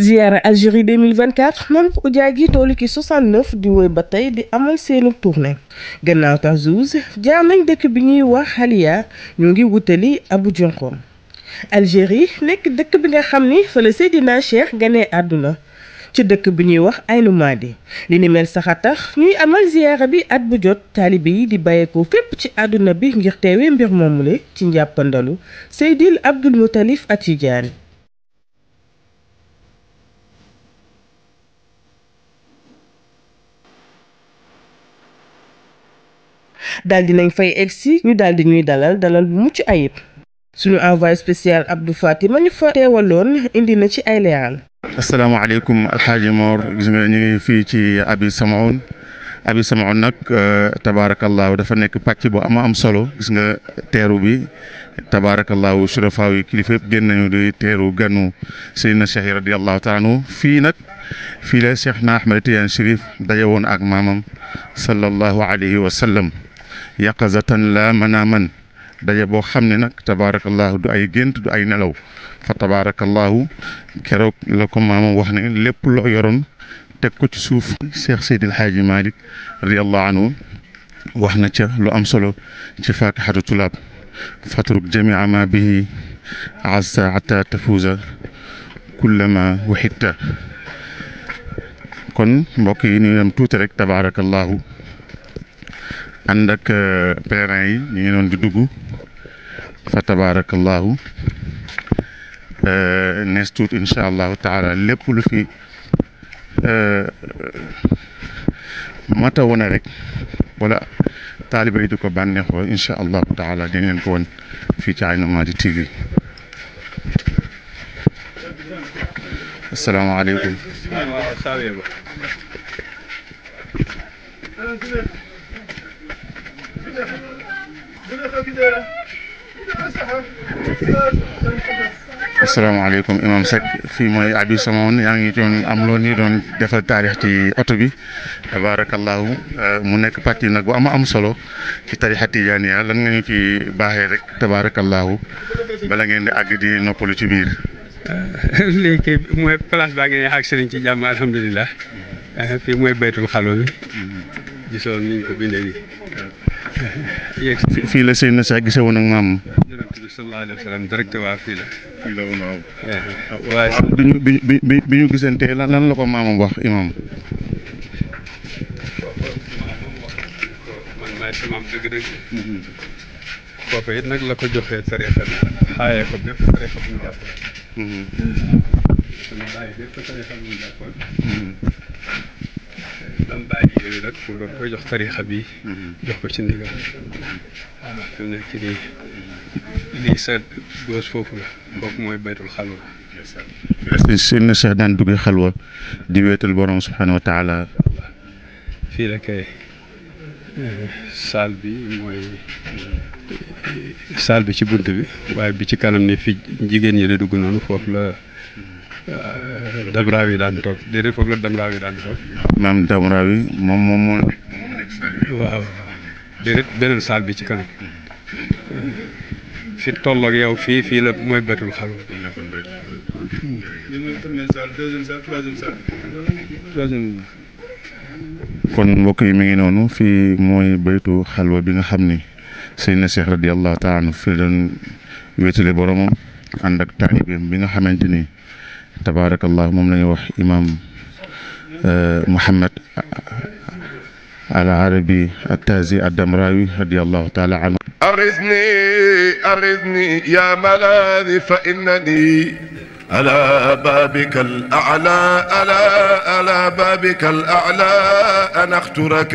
ziyaara Algérie 2024 Mamp Oudiaguy toolu ki 69 di woy ba tey di amal seenu tournée gannaaw Tazouze jaar nañ dëkk bi ñuy wax Halia ñu ngi wutali Abu Jonqom Algérie nekk dëkk bi nga xam ni fa la Seydina Cheikh ganee àdduna ci dëkk bi ñuy wax Aynu Maadi li ni sax a tax ñuy amal ziyaara bi at bu jot taalibe yi di bàyyeekoo fépp ci àdduna bi ngir teewee mbir moomule ci njàppandalu Seydil Abdul Muttalib At Tijaani daal di nañ fay egsi ñu daal di ñuy dalal dalal bu mucc ayib suñu envoyé spécial Abdou Fatima mañu fa teewaloon indi na ci ay leeral. asalaamaaleykum Alxaaji Mor gis nga ñu ngi fii ci Abi Samaoun Abi Samaoun nag euh, tabaarakallaahu dafa nekk pàcc bu ama am solo gis nga teeru bi tabaarakallaahu surafaaw yi kilifa yëpp génn nañu di teeru ganu Seydina Cheikh radiyallaahu taala anhu fii nag fii la Cheikh na Ahmed Tidiane Chérif daje woon ak maamam sallallahu alayhi wa sallam. yaqazatan laa manaaman daje boo xam ne nag tabaarakallaahu du ay gént du ay nelaw fa tabaarakallaahu keroog la ko maamam wax ne lépp loo yoroon teg ko ci suuf Cheikh Seydil Haaji Malick radiyallaahu anhu wax na ca lu am solo ci faakihatu tulaab fatruk jamia ma bihi asa ata tafuuza kullama waxitta kon mbokk yi ñu yem tuuti rek tabaarakallaahu ànd ak pèlerin yi ñu ngi doon di dugg fa tabaarakallaahu nees tuut incha allahu taala lépp lu fi mata wone rek wala taaliba yi di ko bànneexoo incha allahu taala dañ leen ko woon fii ci Aïnou Mady TV asalaamaaleykum asalaamaaleykum imam sek fi moy abi samon yaangi ton am lo ni don defal tarikh ci auto bi tabarakallah eh, mu nek parti nak bu am am solo ci tarixa ya lan nga ñu ci baxé rek tabarakallah bala ngeen di ag di nopolu ci bir léegi moy place ba ngeen ak serigne ci jamm alhamdullilah eh, fi moy baytul khalo bi mm-hmm. gisone ni ko bindé ni mm-hmm. fii la sëñ na sax gise woon ak maam. fii la lan lan la ko maamam wax imaam. man maay nag la ko joxee tariixa bi xaayee ko bépp dam bàyyi yooyu nag mu doon koy jox tarixa bi mm-hmm. jox ko ci ndigal waaw fi mu nekk foofu la kooku mm-hmm. mooy baytul xalwa la seen Cheikh daan dugge xalwa di weetal borom subhanahu wa taala fii la kay euh, saal bi mooy mm-hmm. saal bi ci bunt bi waaye bi ci kanam ni fi jigéen ñi la dugg noonu foofu la dam yi daan toog déedéet daan toog. maam dam moom moom moo nekk. beneen saal bi ci kanam fi tolloog yow fii fii la mooy bëtul mbokk yi mi ngi noonu fii mooy baytu xalwa bi nga xam ni Seydina Cheikh radiyallahu taala anhu fi doon wéetale boromam ànd ak taalibeem bi nga xamante ni. تبارك الله la ñuy wax محمد euh, Mouhamed التازي arabi attazi رضي الله تعالى عنه أرزني أرثني يا ملاذي فإنني على بابك الأعلى على على بابك الأعلى أنا اخترك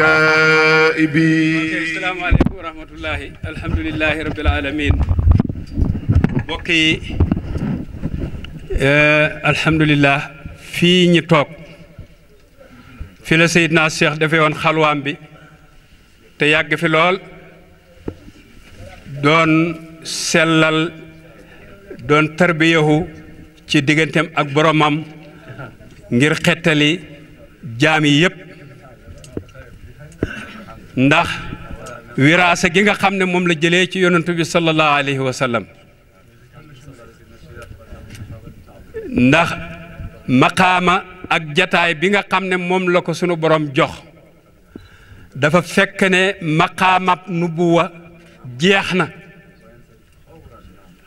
إبي السلام عليكم ورحمة الله الحمد لله رب العالمين بقي الحمد لله في نيتوك في لسيدنا الشيخ دفعون خلوان بي تياغ في لول دون سلال دون تربيهو تي ديغنتم اكبرمام غير ختالي جامي يب ناخ وراسه كيغا خامني موم لا جليه صلى الله عليه وسلم ndax maqaama ak jataay bi nga xam ne moom la ko sunu borom jox dafa fekk ne maqaamab nubuwa jeex na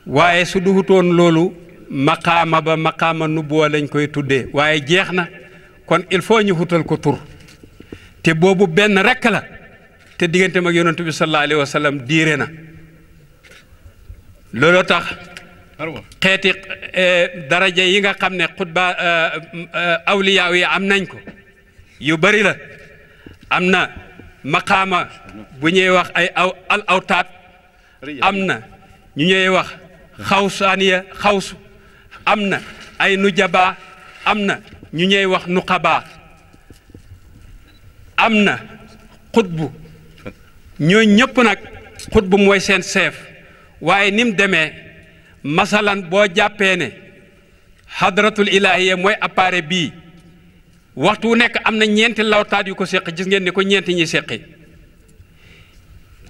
waaye su duhutoon loolu maqaama ba maqaama nubuwa lañ koy tuddee waaye jeex na kon il faut ñu xutal ko tur te boobu benn rekk la te diggante ak yonentu bi sallallahu alayhi diire na looloo tax xeeti daraja yi nga xam ne xutba awliyaaw yi am nañ ko yu bari la am na maqaama bu ñuy wax ay aw al awtaat am na ñu ñuy wax xawsaaniya xawsu am na ay nujabaa am na ñu ñuy wax nuqabaa am na xutbu ñoo ñëpp nag xutbu mooy seen chef waaye ni mu demee masalan boo jàppee ne hadratul ilahiya mooy appareil bii waxtu wu nekk am na ñeenti lawtaat yu ko séq gis ngeen ni ko ñeenti ñuy séqi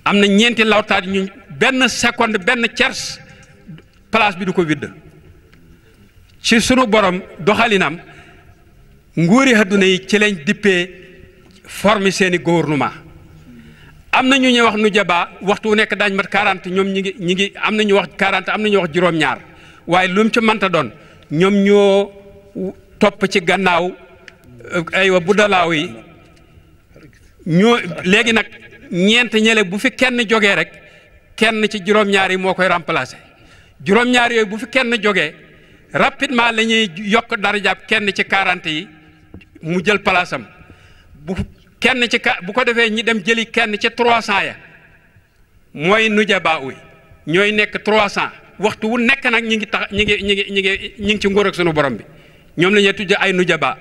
am na ñeenti lawtaat ñu benn seconde benn tiers place bi du ko widd ci sunu borom doxalinam nguuri adduna yi ci lañ dippee former seeni gouvernement am na ñu ñuy wax nu jabaa waxtu wu nekk daañ mat 40 ñoom ñi ngi ñi ngi am na ñu wax 40 am na ñu wax juróom-ñaar waaye lu mu ci mënta doon ñoom ñoo topp ci gannaaw euh, aywa bu dalaaw yi ñoo léegi nag ñeent ñele bu fi kenn jógee rek kenn ci juróom-ñaar yi moo koy remplacé juróom-ñaar yooyu bu fi kenn jógee rapidement la ñuy yokk dara darajaab kenn ci 40 yi mu jël place kenn ci ka bu ko defee ñi dem jëli kenn ci trois cent ya mooy nujabaa uy ñooy nekk trois cent waxtu wu nekk nag ñi ngi tax ñi ngi ñi ngi ñi ngi ñi ngi ci ngorook ak sunu borom bi ñoom la ñuy tudde ay nujabaa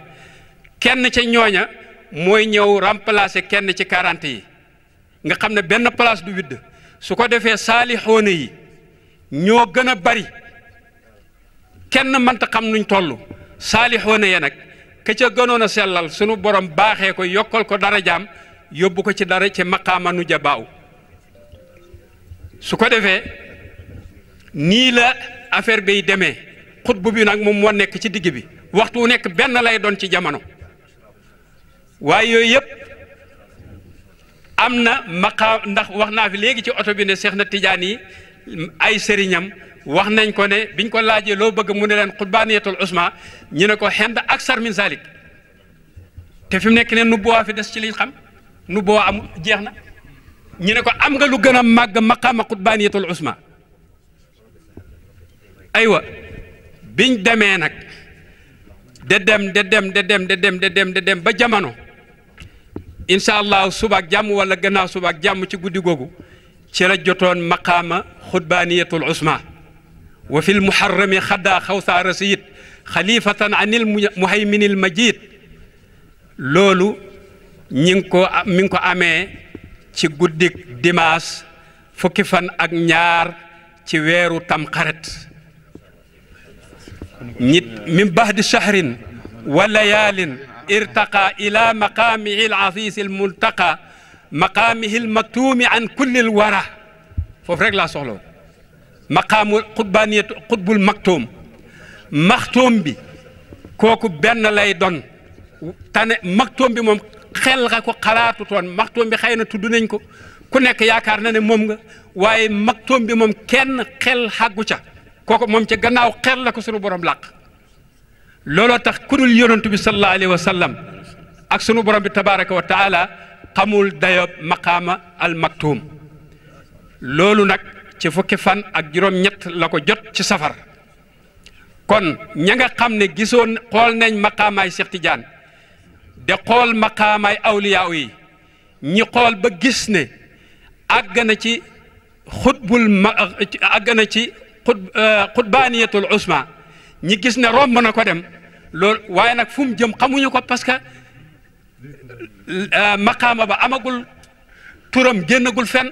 kenn ca ñooña mooy ñëw remplacer kenn ci quarante yi nga xam ne benn place du widd su ko defee saalixoona yi ñoo gën a bari kenn mënta xam nuñ toll saalixoona ya nag ka ca gënoon a sellal sunu borom baaxee ko yokkal ko darajaam yóbbu ko ci dara ci maqaama nu jabaaw su ko defee nii la affaire biy demee xutbu bi nag moom moo nekk ci digg bi waxtu nekk benn lay doon ci jamono waaye yooyu yëpp am na maqaam ndax wax naa fi léegi ci oto bi ne Seex na Tijaan yi ay sëriñam wax nañ ko ne biñ ko laajee loo bëgg mu ne leen xutbaaniyatul usma ñu ne ko xend aksar min zalik te fi mu nekk ne nu boo fi des ci liñ xam nu boo am jeex na ñu ne ko am nga lu gën a màgg maqaama xutbaaniyatul usma aywa biñ demee nag de dem de dem de dem de dem de dem de dem ba jamono incha allah subaak jàmm wala gannaaw subaak jàmm ci guddi googu ci la jotoon maqaama xutbaaniyatul usma وفي المحرم خدا خوثا رسيد خليفة عن المهيمن المجيد لولو نينكو مينكو امي ci guddik dimaas fukki fan ak ñaar ci weeru tamxarit nit min bahdi shahrin wa layaalin irtaqa ila maqaamihi al-azizi al-multaqa maqaamihi al-maktuumi an kulli al-wara foofu rek laa soxla woon maqaamu xutbaaniyatu xutbul maktoom maxtoom bi kooku benn lay doon tane maktoom bi moom xel nga ko xalaatu toon maxtoom bi xëy na tudd nañ ko ku nekk yaakaar na ne moom nga waaye maktoom bi moom kenn xel xàggu ca kooku moom ca gannaaw xel la ko sunu borom làq looloo tax ku dul yonent bi sallallahu alayhi wa sallam ak sunu borom bi tabaraka wa taala xamul dayo maqaama al maktoom loolu nag ci fukki fan ak juróom-ñett la ko jot ci safar kon ña nga xam ne gisoon xool nañ maqaamaay Cheikh Tidiane de xool maqaamaay awliyaaw yi ñi xool ba gis ne àgg ci xutbul ma ci xut euh, xutbaaniyatul usma ñi gis ne romb na ko dem lool waaye nag fu jëm xamuñu ko parce que euh, maqaama ba amagul turam génnagul fen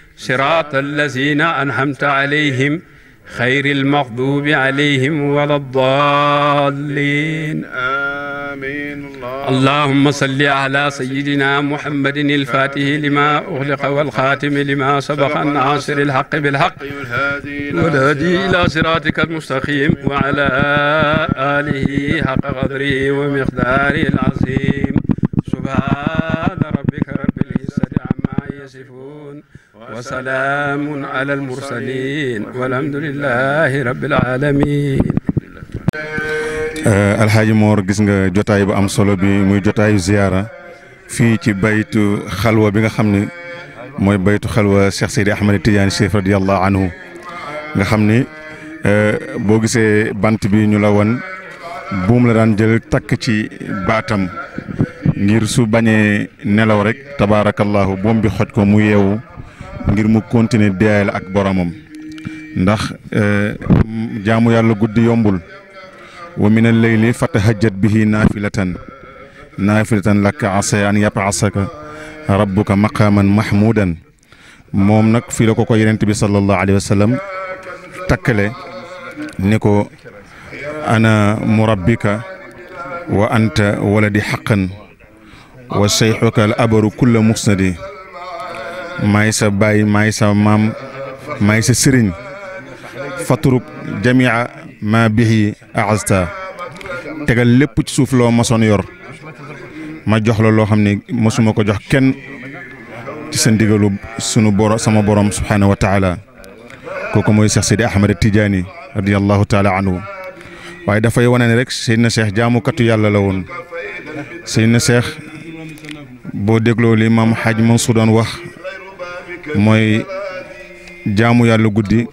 صراط الذين أنعمت عليهم خير المغضوب عليهم ولا الضالين آمين الله اللهم صل على سيدنا محمد الفاتح لما أغلق والخاتم لما سبق الناصر الحق بالحق والهدي إلى صراطك المستقيم وعلى آله حق قدره ومقداره العظيم سبحان ربك رب العزة يصفون وسلام على المرسلين والحمد لله رب العالمين alxaaji Moor gis nga jotaay bu am solo bi muy jotaayu ziyaara fii ci baytu xalwa bi nga xam ne mooy baytu xalwa Cheikh Seydi Ahmed Tidiane Chérif radiyallahu anhu nga xam ni boo gisee bant bi ñu la won buum la daan jël takk ci baatam ngir su bañé nelaw rek tabarakallahu bom bi xoj ko mu yewu ngir mu continuer deyaay ak boromam ndax jaamu yàlla guddi yombul wa min al layli fatahajjat bihi nafilatan nafilatan lak asa an yabasaka rabbuka maqaman mahmudan mom nak fi lako ko yenen tibi sallallahu alayhi wasallam takale takkale ko ana murabbika وانت ولدي حقا وشيخك الأبر كل مسندي مايسا باي مايسا مام مايسا سرين فترك جميع ما به أعزتا تقل لب تشوف لو مصن يور ما جحل الله خمني مسلمك جح كن تسندق لب سنو بورا سما بورام سبحانه وتعالى كوكو مويسا سيدي أحمد التجاني رضي الله تعالى عنه waye da fay wonane rek seydina cheikh jaamu katu yalla lawone seydina cheikh bo deglo li mam haj Mansour don wax moy jaamu yàlla guddi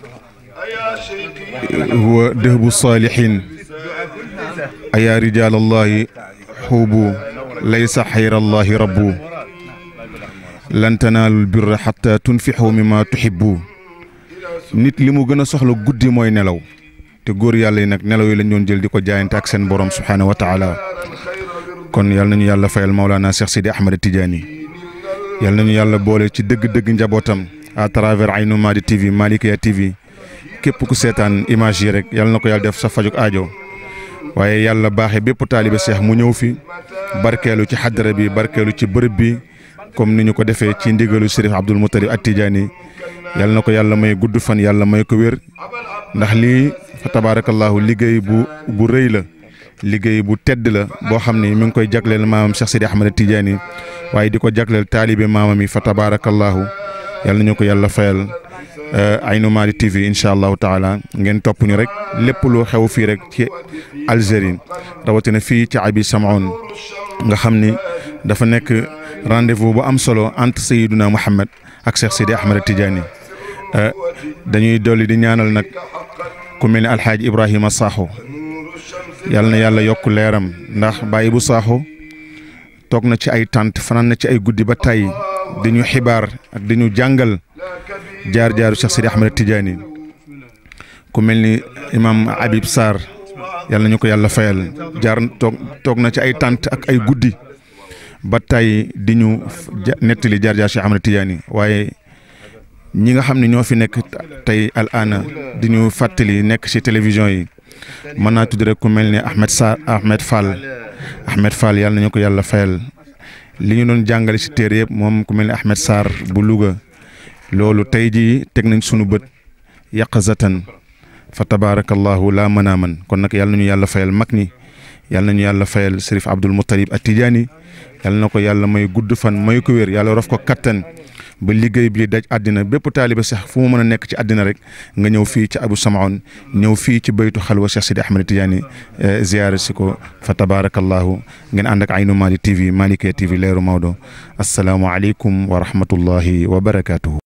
huwa dëhbu salihin aya rijal allah hubu laysa hayr allah rabbu lan tanalu birra hatta tunfihu mimma tuhibbu nit limu gëna gën soxla guddi moy nelaw te gor yàlla yi nag nelaw yi lañ doon jël diko ko jaayante ak seen borom subhanahu wa taala kon yal nañu yàlla fayal Maulana Cheikh Sidi Ahmed Tidiane yal nañu yàlla boole ci dëgg-dëgg njabootam à travers Aynou Mady TV Malikia TV képp ku seetaan image yi rek yal na ko yàlla def sa fajuk aajo waaye yàlla baaxee bépp taalibe seex mu ñëw fi barkeelu ci xaddara bi barkeelu ci bërëb bi comme ni ñu ko defee ci ndigalu Sérif Abdul Mutalib at Tidiane yal na ko yàlla may gudd fan yàlla may ko wér ndax lii fa tabaarakallaahu liggéey bu bu rëy la. liggéey bu tedd la boo xam ni mu ngi koy jagleel maamam Cheikh Sidi Ahmed Tidiane waaye di ko jagleel taalibe maamam yi fa tabaarakallaahu yàlla nañu ko yàlla fayal eh, Aynou Mady TV incha allahu taala ngeen topp ñu rek lépp lu xew fii rek ci Algérie rawatina fii ci Abi Samoun nga xam ni dafa nekk rendez-vous bu am solo entre Seydouna Mouhamed ak Cheikh Sidi Ahmed Tidiane eh, dañuy dolli di ñaanal nag ku mel ni Alxaaji Ibrahima Sakho yàlla na yàlla yokk leeram ndax bàyyi bu saaxu toog na ci ay tànt fanaan na ci ay guddi ba tey dañu xibaar ak dañu jàngal jaar-jaaru Cheikh Sidi Ahmed Tidiane ku mel ni imaam abib Sarr yàlla nañu ko yàlla fayal jaar toog na ci ay tànt ak ay guddi ba tey di ñu nettali jaar-jaar Cheikh Ahmed Tidiane waaye ñi nga xam ne ñoo fi nekk tey alaana ana di ñu fàttali nekk ci télévision yi. mën naa tudd rek ku mel ne Ahmed Sa Ahmed Fall Ahmed Fall yàlla nañu ko yàlla fayal li ñu doon jàngale si téere yëpp moom ku mel ni Ahmed Sarr bu Louga loolu tey jii teg nañ sunu bët yaqazatan fa tabarakallahu laa mën a man kon nag yàlla ñu yàlla fayal mag ñi yàlla nañu yàlla fayal Serif Abdul Muttalib at Tijaani yàlla na ko yàlla may gudd fan may ko wér yàlla rof ko kattan ba liggéey bi daj àddina bépp taaliba sax fu mu mën a nekk ci àddina rek nga ñëw fii ci Abu Samaon ñëw fii ci baytu xalwa Cheikh Sidi Ahmed Tidiane eh, ziyaare si ko fa tabarakallahu ngeen ànd ak Aynu Madi TV Malikia TV leeru Maodo assalaamu aleykum wa rahmatullahi wa barakatuhu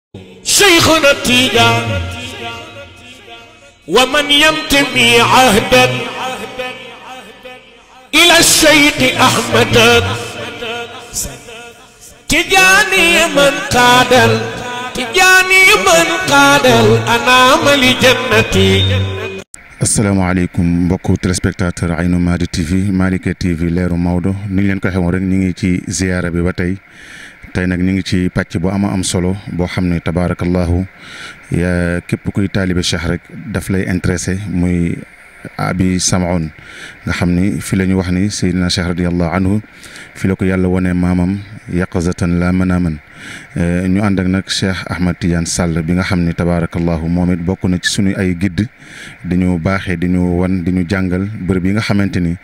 شيخنا التيجان ومن ينتمي عهدا إلى الشيخ أحمد تجاني من قادل تجاني من قادل أنا ملي جنتي asalaamaaleykum mbokku téléspectateur Aynou Mady TV Malikia TV leeru Maodo ni ñu leen ko xamoon rek ñu ngi ci ziyaara bi ba tey tey nag ñu ngi ci pàcc bu ama am solo boo xam ne tabaarakallahu ya képp kuy taalibe Cheikh rek daf lay intéressé muy abi samaun nga xam ni fi la ñu wax ni seydina cheikh radiallahu anhu fi la ko yàlla wone maamam yaqazatan la manaman eh, ñu ànd ak nag cheikh ahmad tidiane sàll bi nga xam ni tabaarakallahu moom it bokk na ci suñu ay gidd di ñu baaxee di ñu wan di ñu jàngal bërëb yi nga xamante ni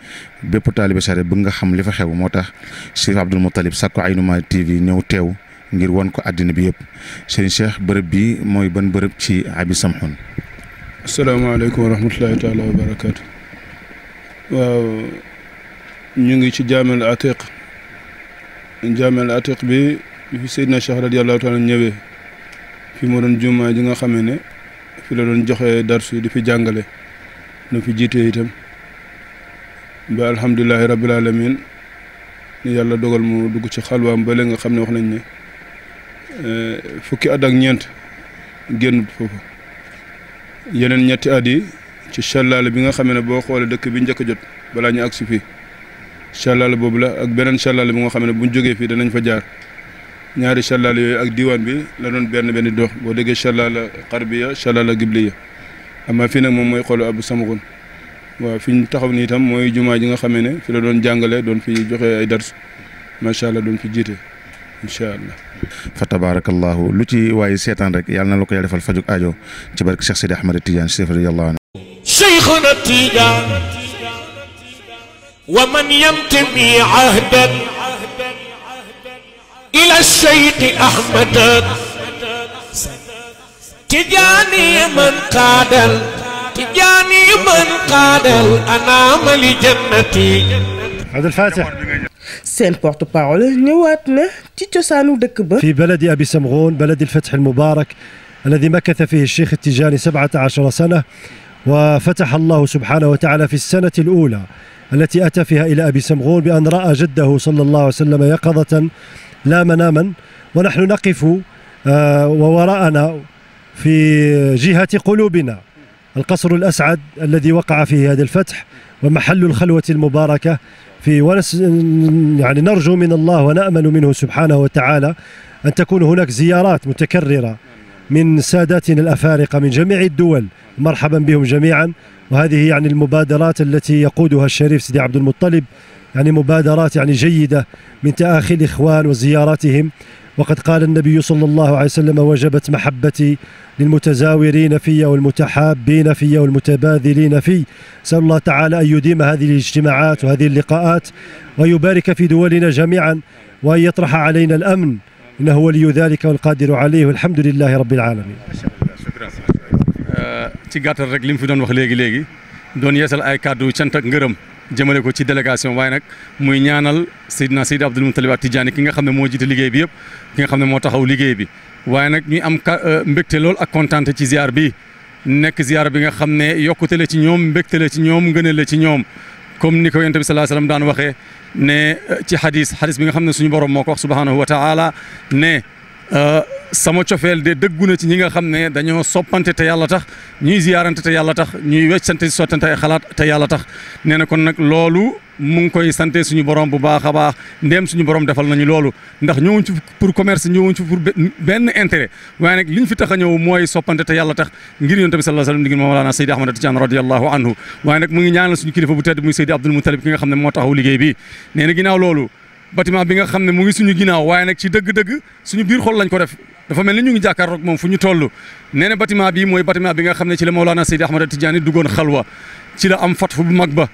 bépp taalibe sare bëgg nga xam li fa xew moo tax cheikh abdul muttalib sàkku Aynouma TV ñëw teew ngir won ko àddina bi yëpp sëriñ cheikh bërëb bi mooy ban bërëb ci abi samhun السلام عليكم ورحمة الله تعالى وبركاته واو نيجي شي جامع العتيق جامع العتيق بي في سيدنا شهر رضي الله تعالى عنه في مورن جمعة جيغا خمينة في لا دون جوخي درس دي في جانغالي نو في جيتي ايتام لله رب العالمين ني يالا مو دوغ سي خالوام با خمينة خامي واخ نني فوكي اداك yeneen ñetti at yi ci challaala bi nga xamee ne boo xoolee dëkk bi njëkk jot balaa ñu agsi fii challaala boobu la ak beneen challaala bi nga xam ne buñ jógee fii danañ fa jaar ñaari challaala yooyu ak diwaan bi la doon benn benn dox boo déggee challaala xarbiya challaala gibliya amaa fi nag moom mooy ab sama samaxun waa fi ñu taxaw ni itam mooy jumaa ji nga xamee ne fi la doon jàngale doon fi joxee ay dars macha allah doon fi jiite incha allah فتبارك الله لوتي واي سيتان رك يالنا لوكو يالا ديفال فاجوك اديو تي برك سيدي احمد التيجان شيخ رضي الله عنه شيخنا التيجان ومن ينتمي عهدا الى الشيخ احمد تجاني من قادل تجاني من قادل انا ملي جنتي هذا الفاتح سين porte بارول ñëwaat na ci في بلد أبي سمغون بلد الفتح المبارك الذي مكث فيه الشيخ التجاني 17 سنة وفتح الله سبحانه وتعالى في السنة الأولى التي أتى فيها إلى أبي سمغون بأن رأى جده صلى الله عليه وسلم يقظة لا مناما ونحن نقف ووراءنا في جهة قلوبنا القصر الأسعد الذي وقع فيه هذا الفتح ومحل الخلوة المباركة في ونس يعني نرجو من الله ونامل منه سبحانه وتعالى ان تكون هناك زيارات متكرره من ساداتنا الافارقه من جميع الدول مرحبا بهم جميعا وهذه يعني المبادرات التي يقودها الشريف سيدي عبد المطلب يعني مبادرات يعني جيده من تاخي الاخوان وزياراتهم وقد قال النبي صلى الله عليه وسلم وجبت محبتي للمتزاورين في والمتحابين في والمتباذلين في سأل الله تعالى أن يديم هذه الاجتماعات وهذه اللقاءات ويبارك في دولنا جميعا وأن يطرح علينا الأمن إنه ولي ذلك والقادر عليه والحمد لله رب العالمين شكرا شكرا شكرا شكرا شكرا شكرا شكرا شكرا شكرا شكرا شكرا شكرا شكرا شكرا شكرا شكرا شكرا شكرا jëmale ko ci délégation waaye nag muy ñaanal Seydina Seydi Abdul Mutalib Tijaani ki nga xam ne moo jiite liggéey bi yëpp ki nga xam ne moo taxaw liggéey bi waaye nag ñuy am euh, mbégte lool ak kontaante ci ziar bi nekk ziar bi nga xam ne yokkute ci ñoom mbégte la ci ñoom ngëne la ci ñoom comme ni ko yonent bi sallallahu daan waxee ne euh, ci xadis xadis bi nga xam ne suñu borom moo ko wax subhanahu wa taala ne Euh, sama cofeel de dëggu na ci ñi nga xam ne dañoo soppante te yàlla tax ñuy ziyaarante te yàlla tax ñuy weccante sottante ay xalaat te yàlla tax nee na kon nag loolu mu ngi koy sante suñu borom bu baax a baax ndéem suñu borom defal nañu loolu ndax ñëwuñ ci pour commerce ñëwuñ ci pour benn intérêt waaye nag li ñu fi tax a ñëw mooy soppante te yàlla tax ngir yonent bi sallallahu alayhi wa sallam di ngir Mawlana Seydi Ahmad Tidiane radiyallahu anhu waaye ne moo taxaw liggéey bi nee na bâtiment bi nga xam ne mu ngi suñu ginnaaw waaye nag ci dëgg-dëgg suñu biir xol lañ ko def dafa mel ni ñu ngi jàkkaarloog moom fu ñu toll nee na bâtiment bi mooy bâtiment bi nga xam ne ci la Mawlana Seydi Ahmada Tidiane duggoon xalwa ci la am fatfu bu ba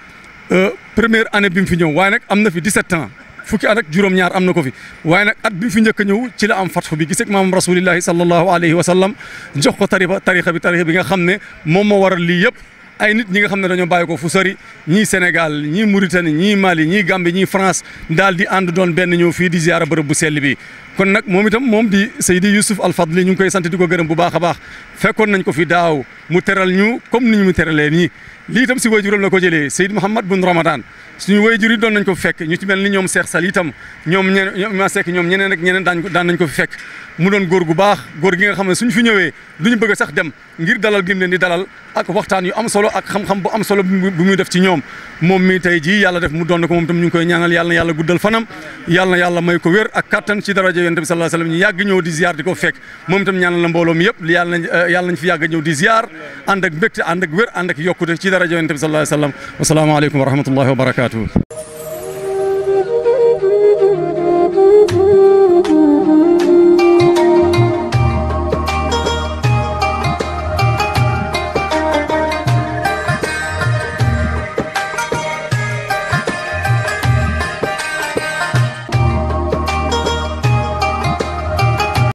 euh, première année bi mu fi ñëw waaye am na fi 17 ans fukki at ak juróom-ñaar am na ko fi waaye nag at bi fi njëkk a ci la am fatfu bi giseeg maamam rasulillahi sallallahu alayhi wa sallam jox ko tarixa tarixa bi tarixa bi nga xam ne moom moo waral lii yëpp ay nit ñi nga xam ne dañoo bàyyi ko fu sori ñii Sénégal ñii Mauritanie ñii Mali ñii Gambie ñii France daal di ànd doon benn ñëw fii di ziara bërëb bu sell bi kon nag moom itam moom di Seydi Youssouf Al Fadli ñu ngi koy sant di ko gërëm bu baax a baax fekkoon nañ ko fi daaw mu teral ñu comme ni ñu mu teralee nii lii itam si waajuram la ko jëlee Seydi Mouhamed Boun Ramadan suñu wayjuri don nañ ko fekk ñu ci melni ñom Cheikh Sall itam ñom ñeneen ma sék ñom ñeneen ak ñeneen daan daan nañ ko fekk mu don gor gu baax gor gi nga xamne suñ fi ñëwé duñu bëgg sax dem ngir dalal gim leen ni dalal ak waxtaan yu am solo ak xam-xam bu am solo bu muy def ci ñom mom mi tay ji yalla def mu don ko mom tam ñu koy ñaanal yalla yalla guddal fanam Yalla yalla may ko wër ak katan ci daraaje yonent bi sallallahu alayhi wasallam ñi yag ñëw di ziar diko fekk mom tam ñaanal la mbolom mi yëpp yàlla na eh, yàlla nañ fi yag ñëw di ziar and ak mbégte and ak wër and ak yokku ci daraaje yonent bi sallallahu alayhi wasallam wassalaamu alaykum wa rahmatullahi wa barakatuh barakaatu.